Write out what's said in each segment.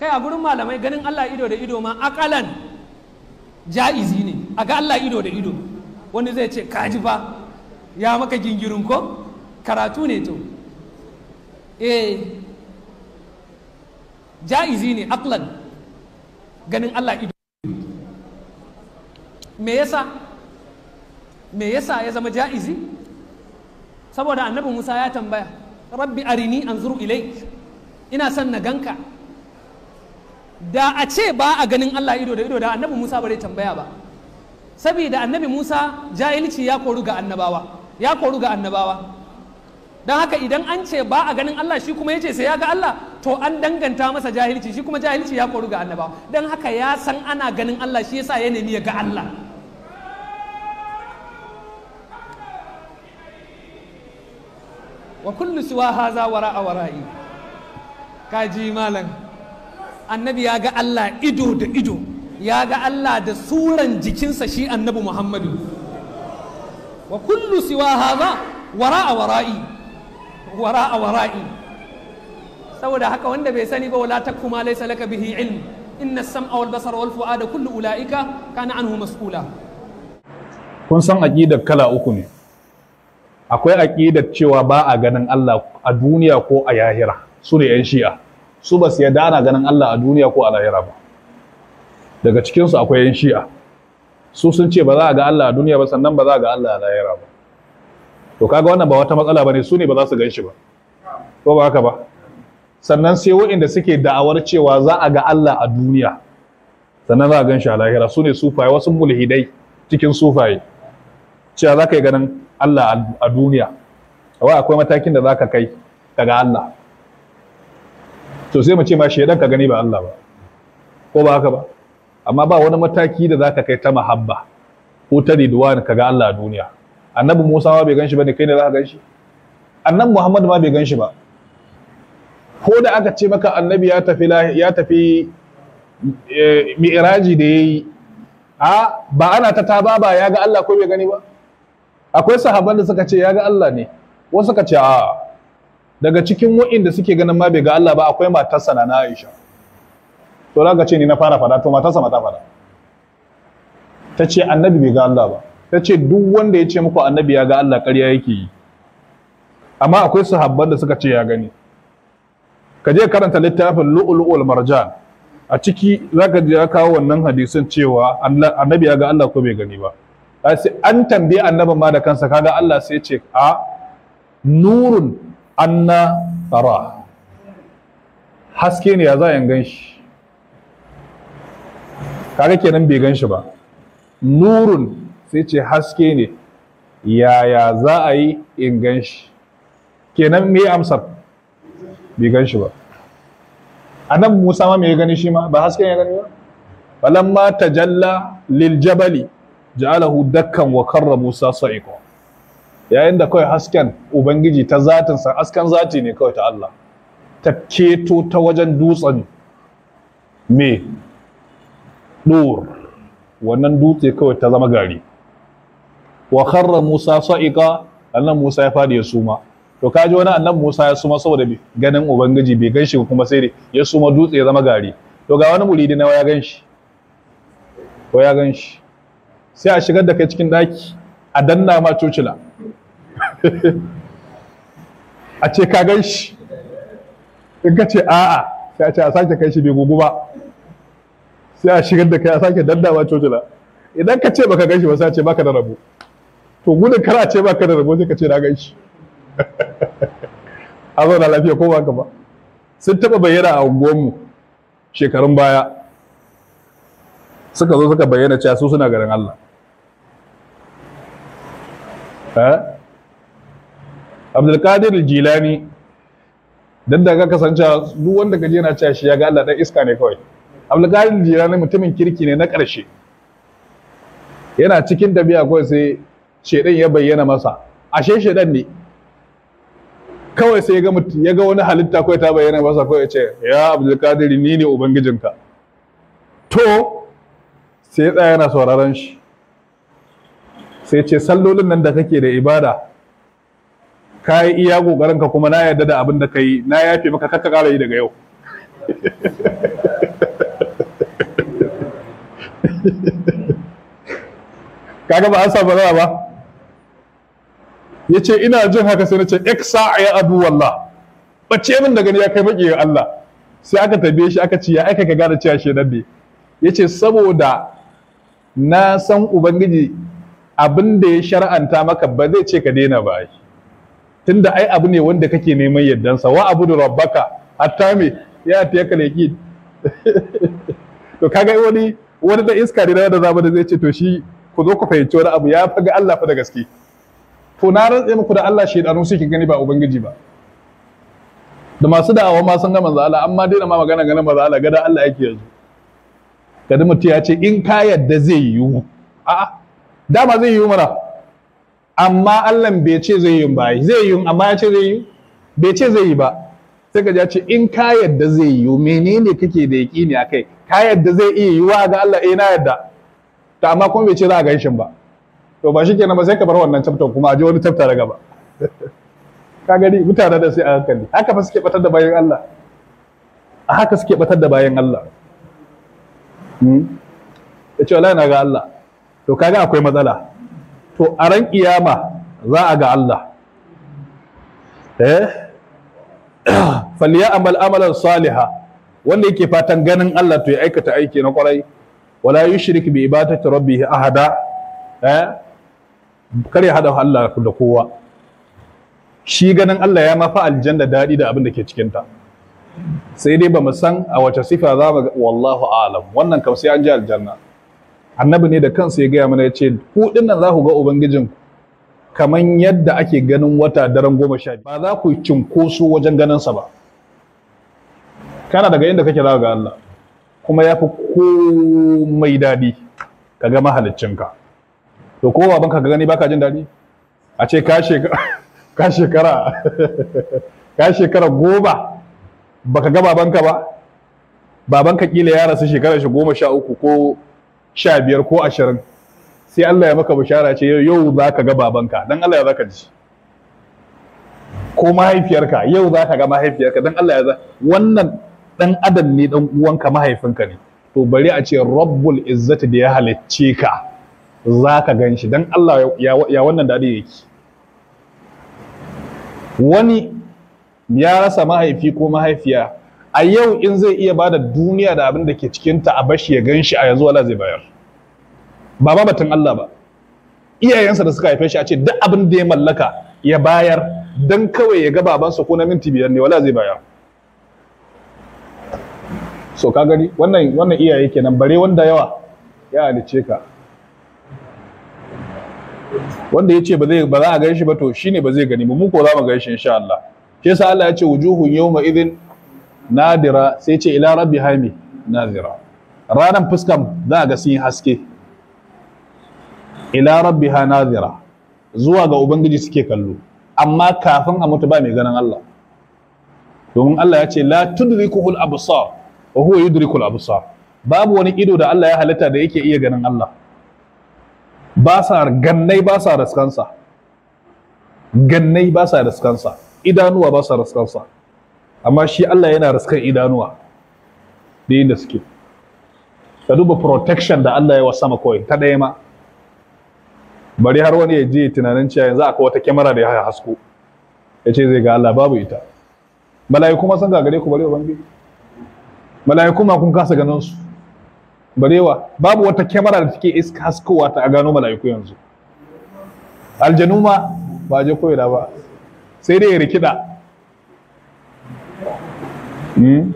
kai a gurin malamai ganin Allah ido da ido ma akalan ja'izi ne a ga Allah ido da ido wani zai ce kaji fa ya maka gingirin ko karatu ne to eh ja'izi ne akalan ganin Allah ido me yasa me yasa ya zama ja'izi saboda annabi Musa ya tambaya rabbi arini anzuru ilayk ina son na ganka da a ce ba a ganin Allah ido da ido da annabi Musa bare tambaya ba saboda annabi Musa jahilci ya koru ga annabawa ya koru ga annabawa don haka idan an ce ba a ganin Allah shi kuma ce sai ya ga Allah to an danganta masa jahilci shi kuma jahilci ya koru ga annabawa don haka ya san ana ganin Allah shi yasa ya nemi ya ga Allah wa kullu siwa haza wara'a wara'i kaji malam annabi ya ga Allah ido da ido ya ga Allah da suran jikinsa shi annabi Muhammadu wa kullu siwa haza a wara'i a wara'i saboda haka wanda bai sani ba wala takfu laysa laka bihi ilm inna as-sam'a wal basara wal fu'ada kullu ulaika kana anhu mas'ula kun san aqidar kala uku ne akwai aqidar cewa ba a ganin Allah a duniya ko a yahira su ne yan shi'a su ba su yarda ana ganin Allah a duniya ko a lahira ba daga cikinsu akwai yan shi'a su sun ce ba za a ga Allah a duniya ba sannan ba za a ga Allah a lahira ba to kaga wannan ba wata matsala bane su ne ba za su gan shi ba ko ba haka ba sannan sai waɗanda suke da'awar cewa za a ga Allah a duniya sannan za a gan shi a lahira su ne sufaye wasu mulhidai cikin sufaye cewa za ka yi ganin Allah a duniya akwai matakin da za ka kai daga Allah to sai mu ce ma shedan ka gani ba Allah ba ko ba haka ba amma ba wani mataki da zaka kai ta mahabba ko ta ridwan ka ga Allah a duniya annabi Musa ma bai ganshi ba ne kai ne zaka ganshi annabi Muhammad ma bai ganshi ba ko da aka ce maka annabi ya tafi ya tafi eh, mi'raji da yayi a ba ana ta taba ba ya ga Allah ko bai gani ba akwai sahabban da suka ce ya ga Allah ne wasu suka ce a daga cikin wa'inda suke ganin ma bai ga Allah ba akwai matarsa na Aisha to za ce ni na fara fada to matarsa mata ta fada ta ce annabi bai ga Allah ba ta ce duk wanda ya ce muku annabi ya ga Allah ƙarya yake yi amma akwai sahabban da suka ce ya gani ka je karanta littafin lu'lu'ul marjan a ciki zaka je kawo wannan hadisin cewa annabi ya ga Allah ko bai gani ba sai an tambaye annabin ma da kansa kaga Allah sai ya ce a nurun anna tara haske ne ya za a gan shi kare kenan bai gan shi ba nurun sai ce haske ne yaya za a yi in gan shi kenan me amsar bai gan shi ba anan musa ma mai gani shi ma ba haske ya gani ba falamma tajalla lil jabali ja'alahu dakkan wa karra musa sa'iqa yayin da kawai hasken ubangiji ta zatinsa askan zati ne kawai ta Allah ta keto ta wajen dutsen me dur wannan dutse kawai ta zama gari wa kharra musa sa'iqa annan musa ya fadi ya suma to kaji wani annan musa ya suma saboda ganin ubangiji bai ganshi kuma sai dai. ya suma dutse ya zama gari to ga wani muridi na ya ganshi ko ya ganshi sai a shigar da kai cikin daki a danna ma cocila a ce ka gan shi in ka ce a'a sai a ce a sake kai shi bai gugu ba sai a shigar da kai a sake dandawa cocila idan ka ce baka gan shi ba sai a ce baka da rabo to gudun kar a ce baka da rabo sai ka ce na gan shi a zauna lafiya ko ba ba sun taɓa bayyana a unguwanmu shekarun baya suka zo suka bayyana cewa su suna garin Allah eh? abdulkadir jilani dan da ka kasance duk wanda gaji yana cewa shi ya ga Allah dan iska ne kawai abdulkadir jilani mutumin kirki ne na ƙarshe yana cikin dabiya kawai sai shedan ya bayyana masa ashe shedan ne kawai sai ya ga wani halitta kawai ta bayyana masa kawai ya ce ya abdulkadir ni ne ubangijinka to sai ya tsaya yana sauraron shi sai ce sallolin nan da kake da ibada ka yi iya kokarin ka kuma na yarda da abin da ka yi na yafe maka kakka kara yi daga yau kaga ba an sa rawa ba ya ce ina jin haka sai na ce sa'a ya abu wallah bace min da gani ya kai maƙiyar Allah sai aka tabe shi aka ci ya aika ka gane cewa shi nan yace ya ce saboda na san ubangiji abin da ya shar'anta maka ba zai ce ka daina ba tunda ai abu ne wanda kake neman yardansa wa abudu rabbaka hatta me ya ta yaka leki to kaga wani wani da iska ne da zama da zai ce to shi ku zo ku fahimci wani abu ya faga Allah fa da gaske to na rantse muku da Allah shedanu suke gani ba ubangiji ba da masu da'awa ma sun ga manzo Allah amma daina ma magana ganin manzo Allah gada Allah yake yanzu kada mutum ya ce in ka yadda zai yiwu a'a dama zai yiwu mana amma Allah bai ce zai yi ba zai yi amma ya ce zai yi bai ce zai yi ba sai ka ce in ka yadda zai yi menene kake da yaƙini a kai ka yadda zai iya yi wa ga Allah eh na yadda to amma kuma bai ce za a gaishin ba to ba shikenan ba sai ka bar wannan chapter kuma a je wani chapter daga gaba ka gani mutane da sai a hankali haka fa suke batar da bayan Allah a haka suke batar da bayan Allah hmm? ya ce wallahi na ga Allah to kaga akwai matsala to a ran kiyama za a ga Allah faliya eh? falyamal amalan saliha wanda yake fatan ganin Allah to ya aikata aiki na kwarai wala yushrik bi ibadati rabbih ahada eh? kar ya hada Allah da kowa shi ganin Allah ya mafi aljanna daɗi da abin da ke cikin ta sai dai ba mu san a wace sifa za mu wallahu alam wannan kam sai an ji aljanna annabi ne da kansa ya gaya mana ya ce ku dinnan za ku ga ubangijin kaman yadda ake ganin wata daren goma sha biyu ba za ku cinkoso wajen ganinsa ba kana daga inda kake zaka ga Allah kuma ya fi komai daɗi ka ga mahaliccinka to ko baban ka gani baka jin daɗi a ce ka shekara ka shekara goma baka ga babanka ba babanka kila ya rasu shekara shi goma sha uku ko sha biyar ko ashirin sai Allah ya maka bishara ce yau za ka ga babanka dan Allah ya za ka ji ko mahaifiyarka yau za ka ga mahaifiyarka dan Allah ya za wannan dan adam ne dan uwanka mahaifinka ne to bari a ce rabbul izzati da ya halicce ka za ka gan shi dan Allah ya wannan daɗi yake wani ya rasa mahaifi ko mahaifiya a yau in zai iya ba da duniya da abin da ke cikinta a bashi ya gan shi a yanzu wala zai bayar ba batun Allah ba iyayensa da suka haife shi a ce duk abin da ya mallaka ya bayar dan kawai ya ga babansa ko na minti biyar ne wala zai bayar so ka gani wannan wannan iyaye kenan bare wanda yawa ya alice ka wanda ya ce ba zai ba za a gan shi ba to shine ba zai gani ba mu ko za mu gan shi insha Allah shi yasa Allah ya ce wujuhun yawma idhin nadira sai ce ila rabbi haimi nadira ranar fuskan za a ga sun yi haske ila rabbi ha nadira zuwa ga ubangiji suke kallo amma kafin a mutu ba mai ganin Allah domin Allah ya ce la tudrikul absar wa huwa yudrikul absar babu wani ido da Allah ya halitta da yake iya ganin Allah ba sa gannai ba sa raskansa gannai ba sa raskansa idanuwa ba sa raskansa amma shi Allah yana raskan idanuwa da yin da suke ka duba protection da Allah ya wasa sama kawai ta ɗaya ma bari har wani ya je tunanin cewa yanzu akwai wata kyamara da ya hasko ya ce zai ga Allah babu ita mala'iku ma san gagare ku bare bangi mala'iku ma kun kasa ganin su barewa babu wata kyamara da take iska haskowa ta a gano mala'iku yanzu aljanu ma ba je da ba sai dai ya rikida Hmm?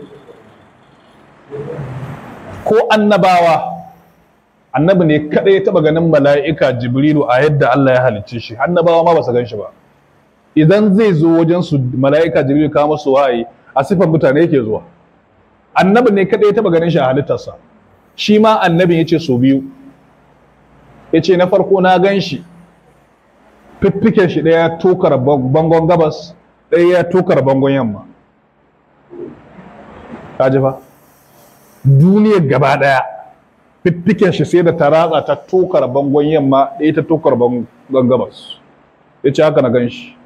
ko annabawa annabi ne kadai ya taba ganin mala'ika jibrilu a yadda Allah ya halicce shi annabawa ma ba su gan shi ba idan zai zo wajen su mala'ika jibrilu kawo masu waye a sifan mutane yake zuwa annabi ne kadai ya taba ganin shi a halittarsa shi ma Annabi ya ce so biyu ya ce na farko na gan shi fiffiken shi ɗaya tokar bangon gabas ɗaya ya tokar bangon yamma kaji fa duniya gaba daya fiffiken shi sai da ta ratsa ta tokar bangon yamma da ita tokar bangon gabas ya ce haka na gan shi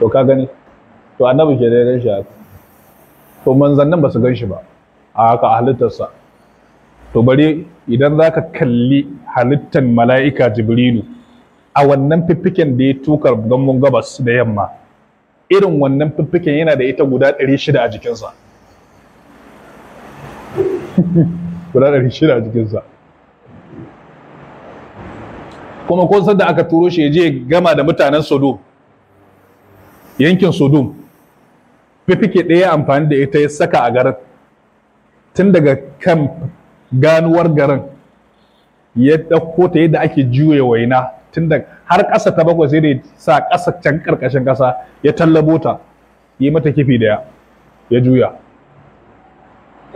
to ka gani to annabi ke da gan shi haka to manzannin ba su gan shi ba a haka a halittarsa to bari idan za ka kalli halittar mala'ika jibrilu a wannan fiffiken da ya tokar bangon gabas da yamma irin wannan fiffiken yana da ita guda 600 a jikinsa guda 600 a jikinsa kuma kun san da aka turo shi ya je gama da mutanen Sodom yankin Sodom fiffike ɗaya amfani da ita ya saka a garin tun daga kan ganuwar garin ya ɗauko ta yadda ake juya waina Tunda har ƙasa ta bakwai sai da ya sa ƙasa can ƙarƙashin ƙasa ya tallabo ta yi mata kifi daya ya juya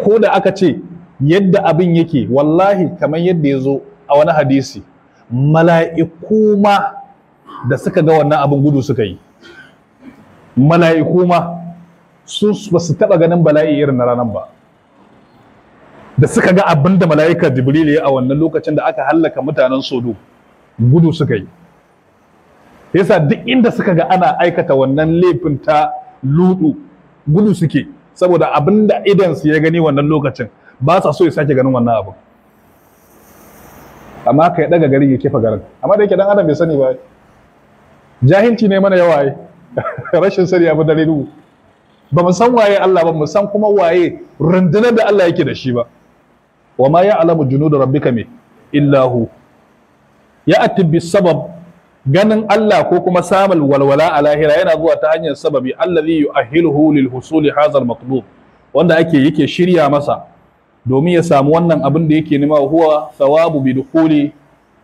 ko da aka ce yadda abin yake wallahi kamar yadda ya zo a wani hadisi mala'iku ma da suka ga wannan abin gudu suka yi mala'iku ma su ba su taɓa ganin bala'i irin na ranar ba da suka ga abin da mala'ikar jibril ya a wannan lokacin da aka hallaka mutanen sodo gudu suka yi yasa duk inda suka ga ana aikata wannan laifin ta ludu gudu suke saboda abinda idan su ya gani wannan lokacin ba sa so ya sake ganin wannan abu amma ka ya daga garin ya kefa garin amma da yake dan adam bai sani ba jahilci ne mana yawa rashin sani abu dare dubu ba mu san waye Allah ba mu san kuma waye rundunar da Allah yake da shi ba wa ma ya'lamu junud rabbika me illahu ya atibi sabab ganin Allah ko kuma samun walwala a lahira yana zuwa ta hanyar sababi allazi yu'ahhiluhu lil husuli hazal matlub wanda ake yake shirya masa domin ya samu wannan abin da yake nema huwa thawabu bi dukhuli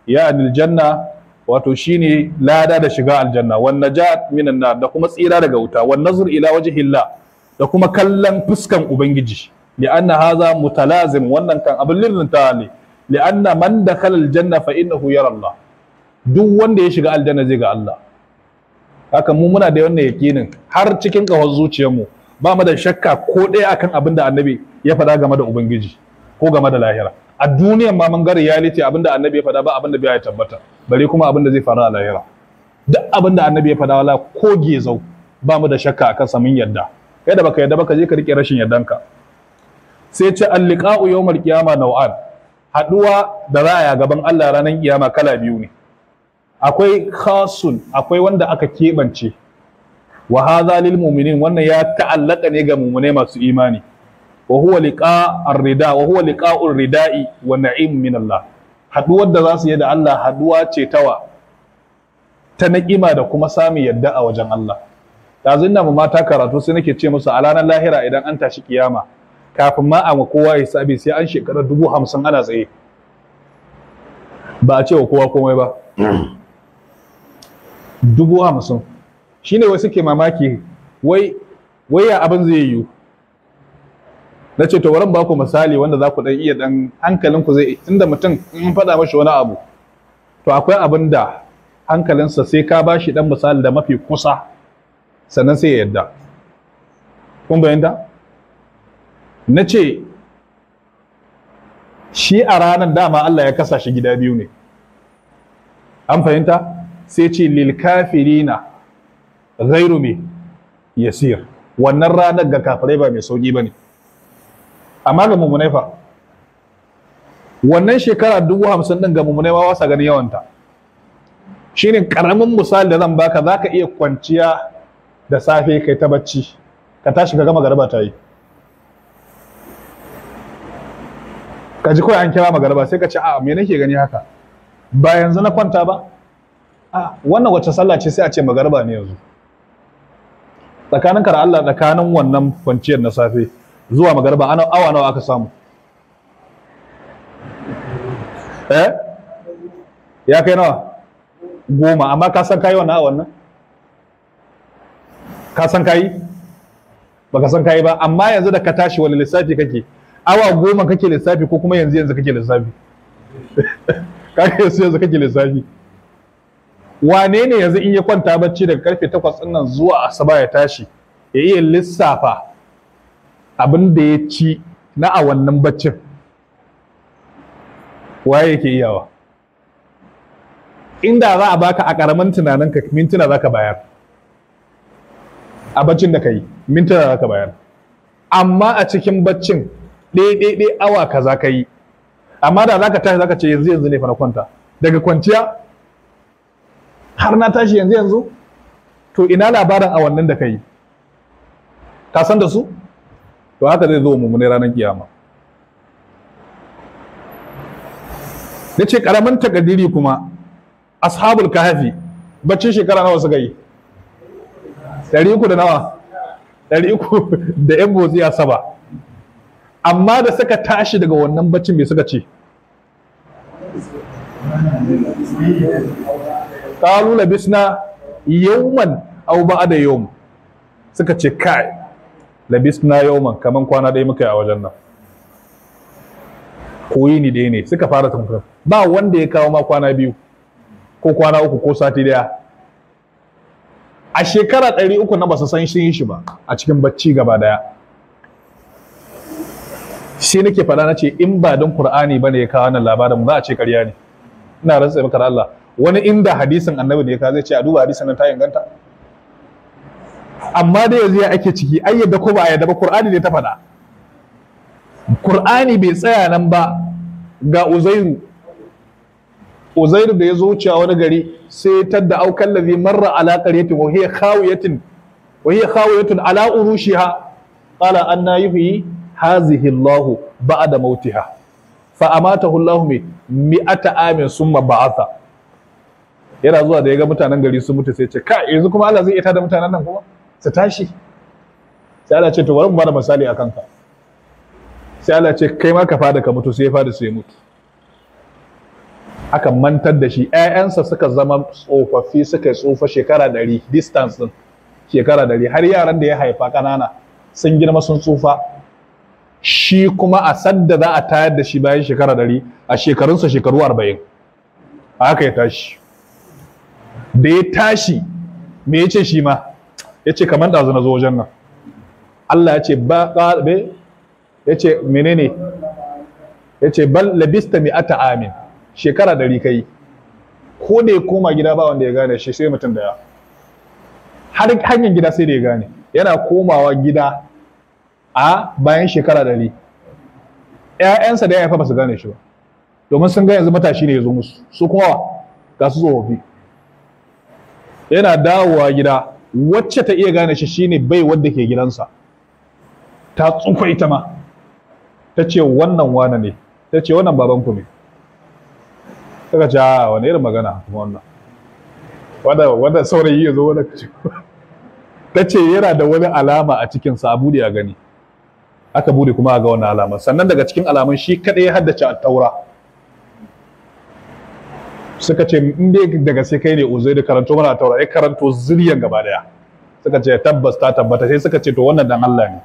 ya aljanna wato shine lada da shiga aljanna wan najat minan nar da kuma tsira daga wuta wan nazr ila wajhillah da kuma kallon fuskan ubangiji li anna hadha mutalazim wannan kan abin lirinta ne li'anna man dakhala aljanna fa innahu yara Allah duk wanda ya shiga aljanna zai ga Allah haka mu muna da wannan yakinin har cikin kawar zuciyarmu ba mu da shakka ko ɗaya akan abin da annabi ya faɗa game da ubangiji ko game da lahira a duniyan ma mun ga reality abin da annabi ya faɗa ba abin da bai tabbata bare kuma abin da zai faru a lahira duk abin da annabi ya faɗa wala ko gezau ba mu da shakka akan samun yadda kai da baka yadda baka je ka rike rashin yaddanka. sai ce al-liqa'u yawmal qiyama naw'an haduwa da za gaban Allah ranar kiyama kala biyu ne akwai khasun akwai wanda aka keɓance wa hadha lil mu'minin wannan ya ta'allaka ne ga mu'mine masu imani wa huwa liqa ar-rida wa huwa ar rida'i wa na'im min Allah haduwar da za su yi da Allah haduwa ce tawa ta na'ima da kuma sami yadda a wajen Allah ina mu mata karatu sai nake ce musu a ranar lahira idan an tashi kiyama kafin ma a ma kowa sabi sai an shekarar dubu hamsin ana tsaye ba a ce wa kowa komai ba dubu hamsin shi ne wasu ke mamaki wai wai ya abin zai yiwu na ce to wurin ba ku misali wanda za ku dan iya dan hankalinku zai inda mutum in faɗa mashi wani abu to akwai abin da hankalinsa sai ka bashi shi dan misali da mafi kusa sannan sai ya yadda kun bayanta na ce shi a ranar dama Allah ya kasa shi gida biyu ne an fahimta sai ce lil ghairu mai yasir wannan ranar ga kafirai ba mai sauki ne. amma ga mummunai fa wannan shekara dubu hamsin din ga mummunai ma wasa ganin yawanta shine karamin misali da zan baka za ka iya kwanciya da safe kai ta bacci ka tashi ka gama garba ta yi ka ji kawai an kira magariba sai ka ce a me nake gani haka ba yanzu na kwanta ba a wannan wacce sallah ce sai a ce magariba ne yanzu Tsakanin Kara Allah tsakanin wannan kwanciyar na safe zuwa magariba ana awa nawa aka samu eh ya kai nawa goma amma ka san kai wannan awan nan ka san kai baka san kai ba amma yanzu da ka tashi wani lissafi kake awa goma kake lissafi ko kuma yanzu yanzu kake lissafi kake yanzu yanzu kake lissafi wane ne yanzu in ya kwanta bacci daga karfe takwas, nan zuwa asaba ya tashi ya iya lissafa abin da ya ci na awannin baccin waye yake iyawa inda za a baka a karamin tunanin ka mintuna za ka bayar a baccin da ka yi mintuna za ka bayar amma a cikin baccin ɗaiɗaiɗai awa kaza ka yi amma da za ka tashi za ka ce yanzu yanzu ne fara kwanta daga kwanciya har na tashi yanzu yanzu to ina labarin awannin da ka yi ka san da su to haka zai zo mummune ranar kiyama ya ce karamin takadiri kuma ashabul kahfi baccin shekara nawa suka yi ɗari uku da nawa ɗari uku da yan bozi a saba amma da suka tashi daga wannan baccin me suka ce qalu labisna yawman ba da yau suka ce kai labisna yawman kamar kwana ɗaya muka yi a wajen nan koyi ni ɗaya ne suka fara tamfar ba wanda ya kawo ma kwana biyu ko kwana uku ko sati ɗaya a shekara ɗari uku na ba su san shi ba a cikin bacci gaba ɗaya sai nake faɗa na ce in ba don Qur'ani bane ya kawo wannan labarin mu za a ce ƙarya ne ina rantsa maka Allah wani inda hadisin annabi da ya kawo zai ce a duba hadisin nan ta inganta amma da yanzu ya ake ciki ai yadda ko ba a yadda ba Qur'ani ne ta faɗa Qur'ani bai tsaya nan ba ga Uzairu Uzairu da ya zo wucewa wani gari sai tadda aukan ladhi marra ala qaryatin wa hiya khawiyatin wa hiya khawiyatun ala urushiha qala anna yuhi hazihi Allah ba'da mautiha fa amatahu Allah mi mi'ata amin summa ba'atha yana zuwa da ya ga mutanen gari sun mutu sai ce ka yanzu kuma Allah zai iya tada mutanen nan kuma su tashi sai Allah ce to bari mu bada misali akan ka sai Allah ce kai ma ka fada ka mutu sai ya fada sai mutu aka mantar da shi ƴaƴansa suka zama tsofaffi suka tsufa shekara ɗari distance din shekara ɗari har yaran da ya haifa ƙanana sun girma sun tsufa shi kuma a sadda za a tayar da shi bayan shekara ɗari a shekarunsa shekaru arba'in a haka ya tashi da ya tashi me ya ce shi ma ya ce kamar ɗazu na zo wajen nan Allah ya ce ba ƙarɓe ya ce menene ya ce ban labista mi ata amin shekara ɗari kai ko da ya koma gida ba wanda ya gane shi sai mutum daya har hanyar gida sai da ya gane yana komawa gida a bayan shekara ɗari ‘ya'yansa da ya ba su gane shi ba domin sun ga yanzu matashi ne ya zo musu su kuma ga su tsofaffi yana dawowa gida wacce ta iya gane shi shine bai wadda ke gidansa ta tsufa ita ma ta ce wannan wane ne ta ce wannan baban ku ne ta ce a wani irin magana kuma wannan wanda wanda saurayi ya zo wanda ta ce yana da wani alama a cikinsa abu da ya gani aka bude kuma ga wannan alaman sannan daga cikin alaman shi kadai ya haddace at-taura suka ce in dai daga sai kai ne uzairu karanto mana taura ya karanto zuriyan gaba daya suka ce tabbas ta tabbata sai suka ce to wannan dan Allah ne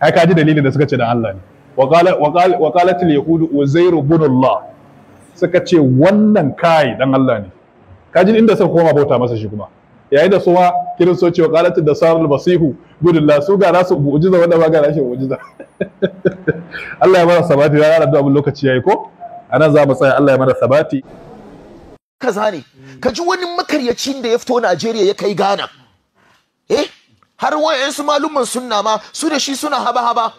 ai ka ji dalilin da suka ce dan Allah ne wa qala wa qalat al-yahud uzairu ibn Allah suka ce wannan kai dan Allah ne ka ji inda suka koma bauta masa shi kuma yayin da kirin so wa qalat da sarul basihu gudullah su ga rasu mu'jiza wanda ba ga rashin mu'jiza Allah ya mana sabati ya rada abin lokaci yayi ko anan za mu tsaya Allah ya mana sabati kaza ne ka ji wani makaryacin da ya fito Najeriya ya kai Ghana eh har su malumman sunna ma su da shi suna haba haba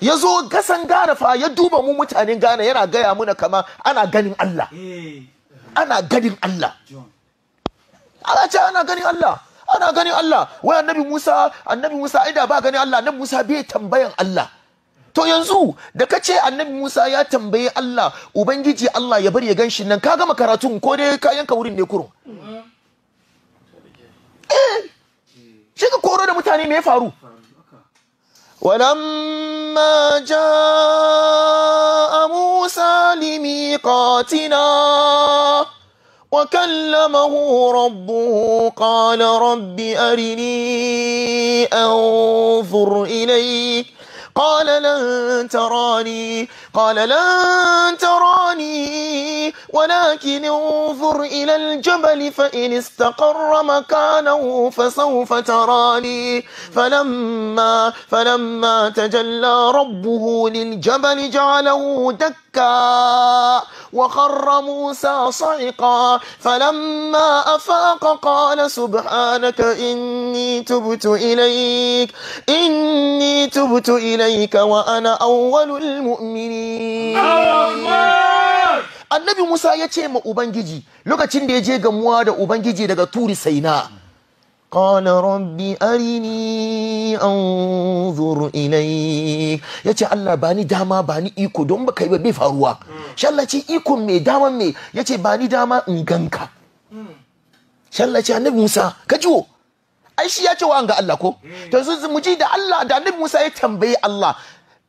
ya zo gasan Ghana fa ya duba mu mutanen Ghana yana gaya muna kama ana ganin Allah eh. ana ganin Allah ana ce ana gani Allah ana gani Allah wai annabi Musa annabi Musa ai da ba gani Allah annabi Musa bai tambayan Allah to yanzu da ka ce annabi Musa ya tambaye Allah ubangiji Allah ya bari ya ganshi nan ka gama karatun ko dai ka yanka wurin ne kurun eh, shi ka koro da mutane me ya faru ولما جاء موسى لميقاتنا وكلمه ربه قال رب أرني أنظر إليك قال لن تراني قال لن تراني ولكن انظر إلى الجبل فإن استقر مكانه فسوف تراني فلما فلما تجلى ربه للجبل جعله دكا وخر موسى صعقا فلما أفاق قال سبحانك إني تبت إليك إني تبت إليك وأنا أول المؤمنين annabi musa ya ce ma ubangiji lokacin da ya je gamuwa da ubangiji daga turi saina qala rabbi arini anzur Ya ce Allah ba ni dama ba ni iko don ka yi ba bai faruwa Shalla ce iko mai dama ce yace ni dama in ganka Shalla ce annabi Musa ka jiwo ai shi ya ce wa ga Allah ko to mu ji da Allah da annabi Musa ya tambaye Allah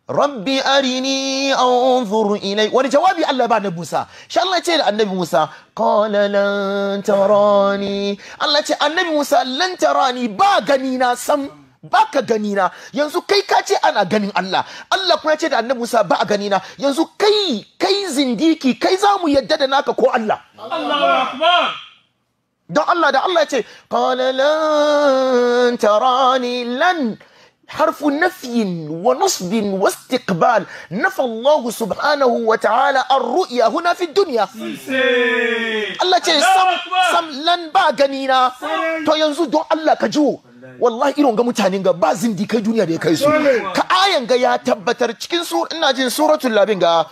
rabbi arini anzur ilai wani jawabi Allah ba na Musa shi Allah ce da annabi Musa qala lan tarani Allah ce annabi Musa lan tarani ba gani na sam baka gani na yanzu kai ka ce ana ganin Allah Allah kuma ce da annabi Musa ba a gani na yanzu kai kai zindiki kai za mu yadda da naka ko Allah Allahu akbar Allah da Allah ya ce qala lan tarani lan حرف نفي ونصب واستقبال نفى الله سبحانه وتعالى الرؤيا هنا في الدنيا الله ce sam ba gani na to yanzu don Allah ka jiwo wallahi irin ga mutanen ga ba zindi kai duniya da ya kai su ka ayan ga ya tabbatar cikin su ina jin suratul labin ga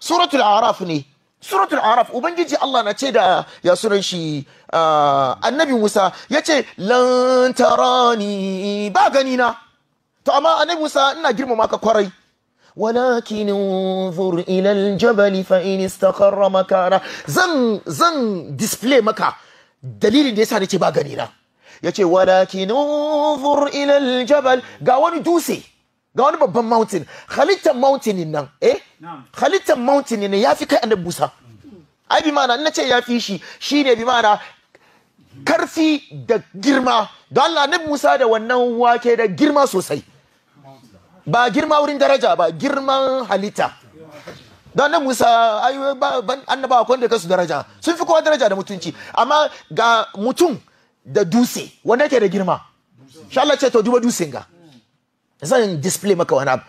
suratul araf ne suratul araf ubangiji Allah na ce da ya sunan shi annabi Musa ya ce lan ba gani na to amma annabi Musa ina girmama ka kwarai walakin unzur ila aljabal fa in istaqarra makana zan zan display maka dalilin da yasa nake ba gani na yace walakin unzur ila aljabal ga wani dutse ga wani babban mountain halittar mountain nan eh halittar mountain ne yafi kai annabi Musa ai bi mana ina ce yafi shi shine bi mana karfi da girma don Allah annabi Musa da wannan wake da girma sosai ba girma wurin daraja ba girman halitta don nan musa annabawa kwanda kasu daraja sun fi kowa daraja da mutunci amma ga mutum da dutse wanda yake da girma sha Allah ce to duba dutsen ga zan display maka wani abu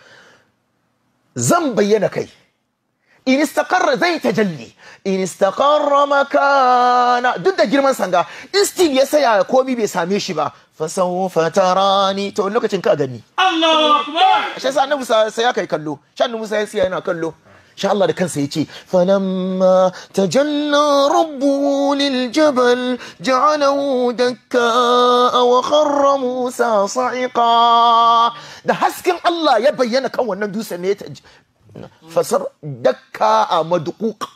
zan bayyana kai in istaqarra zai tajalli in istaqarra makana duk da girman sanga, in steve ya saya komi bai same shi ba fa tarani to lokacin ka gani Allahu akbar shi annabi sai ya kai kallo shi annabi sai ya yana kallo Sha Allah da kansa yace falamma liljabal ja'alahu dakka wa kharra musa sa'iqa da hasken Allah ya bayyana kan wannan dutsen ne fasar dakka a madukuka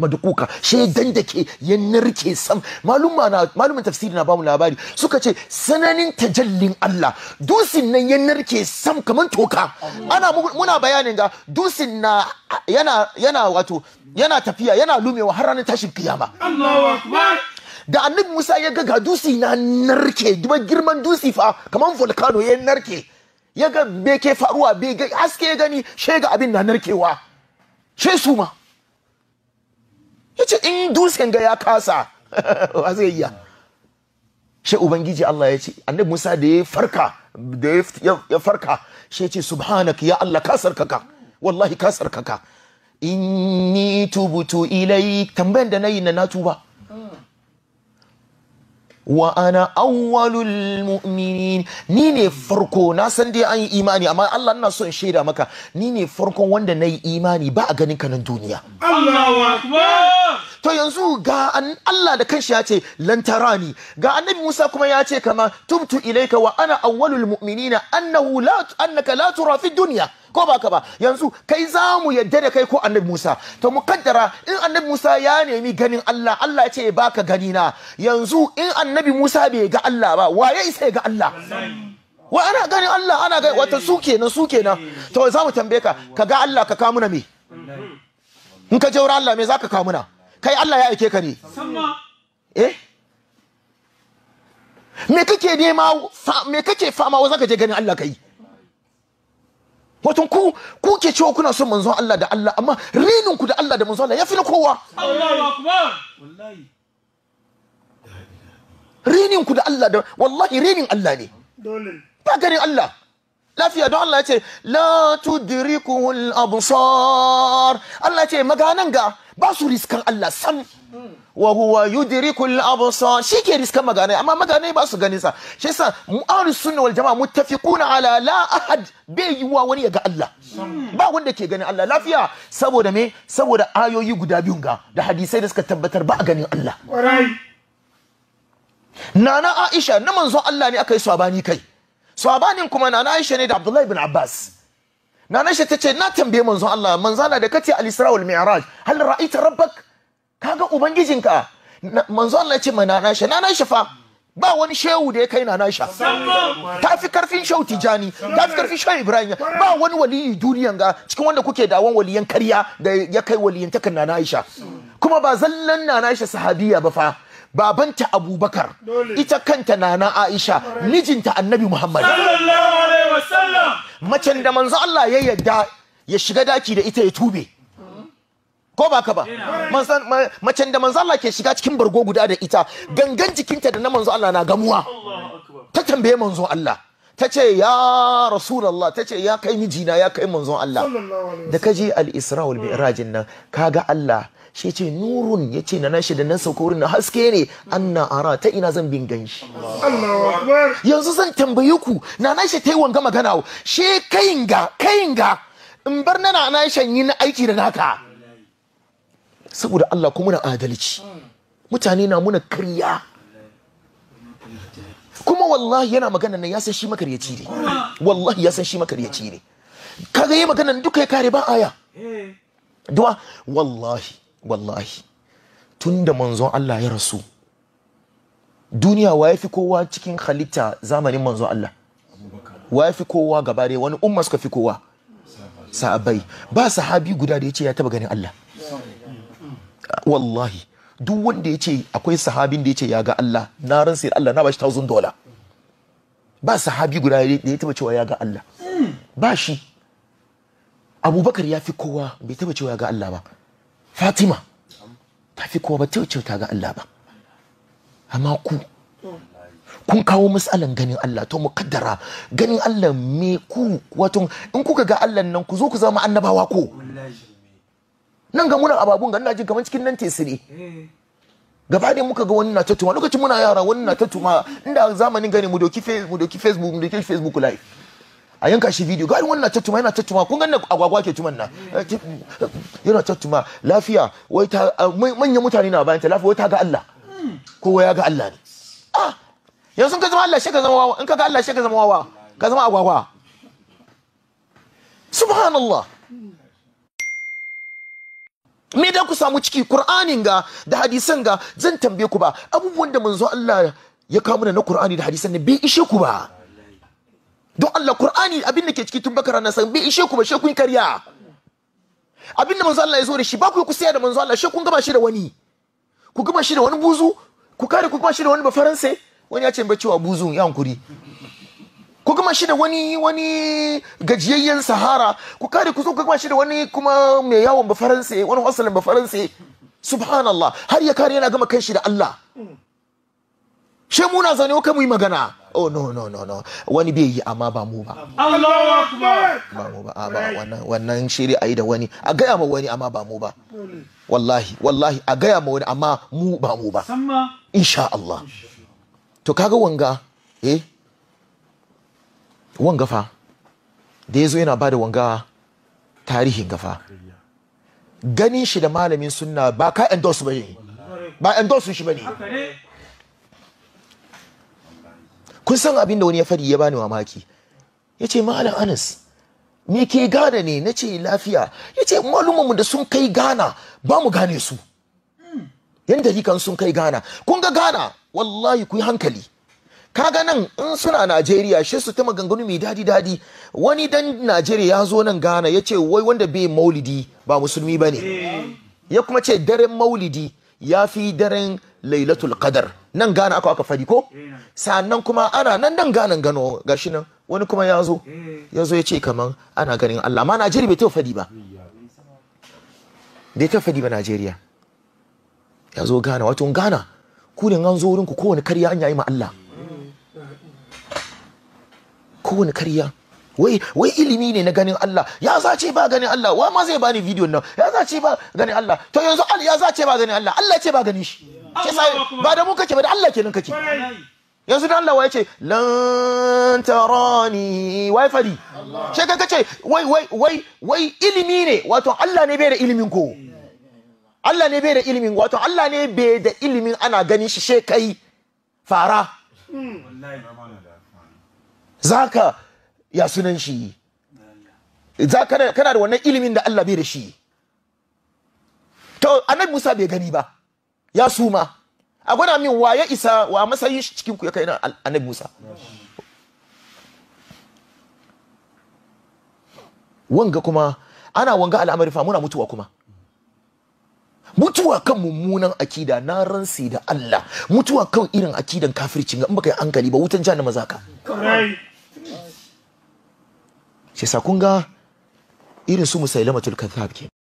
madukuka shi dan da ya narke sam maluma na malumin tafsiri na bamu labari suka ce sananin tajallin Allah dusin nan ya narke sam kaman toka ana muna bayanin ga dusin na yana yana wato yana tafiya yana lumewa har ranar tashin kiyama Allahu akbar da annabi Musa ya ga ga dusi na narke duba girman dusi fa kaman volcano ya narke ya ga me ke faruwa bai ga aske ya gani she ga abin na narkewa she su ma ya ce in dutsen ga ya kasa wa zai iya she ubangiji Allah ya ce annabi Musa da ya farka da ya farka she ce subhanaka ya Allah ka wallahi ka inni tubtu ilai tambayan da nayi na na tuba hmm. wa ana awwalul mu'minin ni ne farko na san dai an yi imani amma Allah ina son shaida maka ni ne farkon wanda na yi imani ba a ganin ka nan duniya Allahu akbar to yanzu ga an Allah da kanshi ya ce lantarani ga annabi Musa kuma ya ce kama tubtu ilaika wa ana awwalul mu'minina annahu la annaka la tura fi dunya ko ba ka ba yanzu kai za mu yadda da kai ko annabi Musa to muqaddara in annabi Musa ya nemi ganin Allah Allah ya ce baka gani na yanzu in annabi Musa bai ga Allah ba waye isa ga Allah wa ana ganin Allah ana ga wata su kenan su kenan to za mu tambaye ka ka ga Allah ka kawo muna me in ka jaura Allah me za ka kawo muna kai Allah ya aike ka ne eh me kake nema me kake fama wa zaka je ganin Allah kai wato ku ku ke cewa kuna son manzon Allah da Allah amma rinin ku da Allah da manzon Allah yafi na kowa Allahu akbar wallahi rinin ku da Allah da wallahi rinin Allah ne dole ba ganin Allah lafiya don Allah ya ce la tudrikul absar Allah ya ce maganan ga ba su riskan Allah sam hmm. wa huwa al absar shi ke riska maganai amma magana ba su ganin sa shi yasa mu ahli sunna wal jamaa muttafiquna ala la ahad bai yuwa wani ya ga Allah ba wanda ke ganin Allah lafiya saboda me saboda ayoyi guda biyun ga da hadisai da suka tabbatar ba a ganin Allah nana Aisha na manzon Allah ne aka yi sabani kai sabanin kuma nana Aisha ne da Abdullahi bin Abbas nana Aisha tace na tambaye manzon Allah manzala da kace al-Isra wal Mi'raj hal ra'aita rabbak kaga ubangijinka manzo Allah ce mai nana shi nana shi fa ba wani shehu da ya kai nana shi ta fi karfin shehu tijani ta fi karfin shehu ibrahim ba wani waliyi duniyan ga cikin wanda kuke dawon waliyan karya da ya kai waliyan takan nana shi kuma ba zallan nana shi sahabiya ba fa babanta abubakar ita kanta nana aisha mijinta annabi muhammad macen da manzo Allah ya yadda ya shiga daki da ita ya tube ko ba ka ba macen da manzo Allah ke shiga cikin bargo guda da ita gangan jikinta da na manzo Allah na gamuwa ta tambaye manzo Allah ta ce ya rasulallah ta ce ya kai mijina ya kai manzo Allah da ka je al-isra wal mi'raj nan kaga Allah shi ce nurun ya na nashi da nan sauko wurin haske ne anna ara ta ina zan bin ganshi yanzu zan tambaye ku na nashi ta yi wanga magana she kayin ga kayin ga in bar na na yi na aiki da naka saboda Allah kuma muna adalci mutane na muna kariya. kuma wallahi yana magana nan ya san shi makaryaci ne wallahi ya san shi makaryaci ne kaga yi magana duka ya kare ba aya duwa wallahi wallahi tunda manzon Allah ya rasu duniya wa ya fi kowa cikin halitta zamanin manzon Allah wa ya fi kowa gaba wani umma suka fi kowa sahabai ba sahabi guda da ya ce ya taba ganin Allah wallahi duk wanda ya ce akwai sahabin da ya ce ya ga Allah na ran sai Allah na bashi thousand dollar ba sahabi guda da ya taba cewa ya ga Allah ba shi abubakar ya fi kowa bai taba cewa ya ga Allah ba fatima ta fi kowa ba ta ce ta ga Allah ba amma ku kun kawo matsalan ganin Allah to mukaddara ganin Allah me ku wato in kuka ga Allah nan ku zo ku zama annabawa ko nan ga muna ababun ga ina jin kamar cikin nan tesiri gaba da muka ga wani na tattuma lokacin muna yara wani na tattuma. inda zamanin gane mu doki mu doki facebook mu doki facebook live a yanka shi video ga wannan na tattuma yana tattuma kun kun ganin agwagwa ke tuman na eh. eh, yana tattuma lafiya wai ta manyan mutane na bayan ta lafiya wai ta ga Allah hmm. kowa ya ga Allah ne ah yanzu ka zama Allah shi ka zama wawa in ka ga Allah shi ka zama wawa ka zama agwagwa subhanallah hmm. me da ku samu ciki qur'anin ga da hadisan ga zan tambaye ku ba abubuwan da manzo Allah ya kawo mana na qur'ani da hadisan ne bai ishe ku ba don Allah qur'ani abin da ke ciki tun bakara na san bai ishe ku ba she kariya karya abin da manzo Allah ya zo da shi ba ku ku saya da manzo Allah Shekun gaba shi da wani ku gama shi da wani buzu ku kare ku gama shi da wani ba faransai wani ya ce ba cewa buzun ya hankuri ku gama shi da wani wani gajiyayyen sahara ku kare ku so ku gama shi da wani kuma mai yawon ba faransa wani hustling ba faransa subhanallah har ya kare yana gama kanshi da Allah she muna zane kai mu yi magana oh no no no no wani bai yi amma ba mu ba Allahu akbar ba mu ba a ah, ba wannan wannan shiri ayi da wani a gaya ma wani amma ba mu ba wallahi wallahi a gaya ma wani amma mu ba mu ba insha Allah to kaga wanga eh Wan gafa da ya zo yana ba da wanga tarihin gafa ganin shi da malamin sunna ba ka endorse ba ne ba endorse shi ba ne kun san abin da wani ya fari ya bani mamaki ya ce malam anas me ke gane ne na ce lafiya ya ce malumanmu da sun kai gana ba mu gane su yan darikan sun kai gana kun ga gana wallahi ku yi hankali kaga nan in suna Najeriya shi su ta ganganu mai dadi dadi wani dan Najeriya ya zo nan Ghana ya ce wai wanda bai maulidi ba musulmi bane ya kuma ce daren maulidi ya fi daren lailatul qadar nan Ghana aka aka fadi ko sannan kuma ana nan nan Ghana gano gashi nan wani kuma ya zo ya zo ya ce kaman ana ganin Allah ma Najeriya bai ta fadi ba bai ta fadi ba Najeriya ya zo Ghana wato Ghana ku ne an zo wurin ku kowane karya an yayi ma Allah kowane karya wai wai ilimi ne na ganin Allah ya zace ba ganin Allah wa ma zai bani bidiyon nan ya zace ba ganin Allah to yanzu Allah ya zace ba ganin Allah Allah ce ba ganin shi ba da mu kake ba da Allah kenan kake yanzu dan Allah wai ce lan tarani wai fadi she ka ce wai wai wai wai ilimi ne wato Allah ne bai da ilimin ko Allah ne bai da ilimin wato Allah ne bai da ilimin ana ganin shi she kai fara hmm. zaka ya sunan shi zaka kana da wannan ilimin da Allah bai da shi to annabi Musa bai gani ba ya suma a gwada min wa ya isa wa masayin shi cikin ku ya kai na annabi Musa wanga kuma ana wanga al'amari fa muna mutuwa kuma mutuwa kan mummunan akida na ransi da Allah mutuwa kan irin akidan kafircin in baka yi hankali ba wutan jahannama zaka shi sa kun ga irin su musailama kadhab ke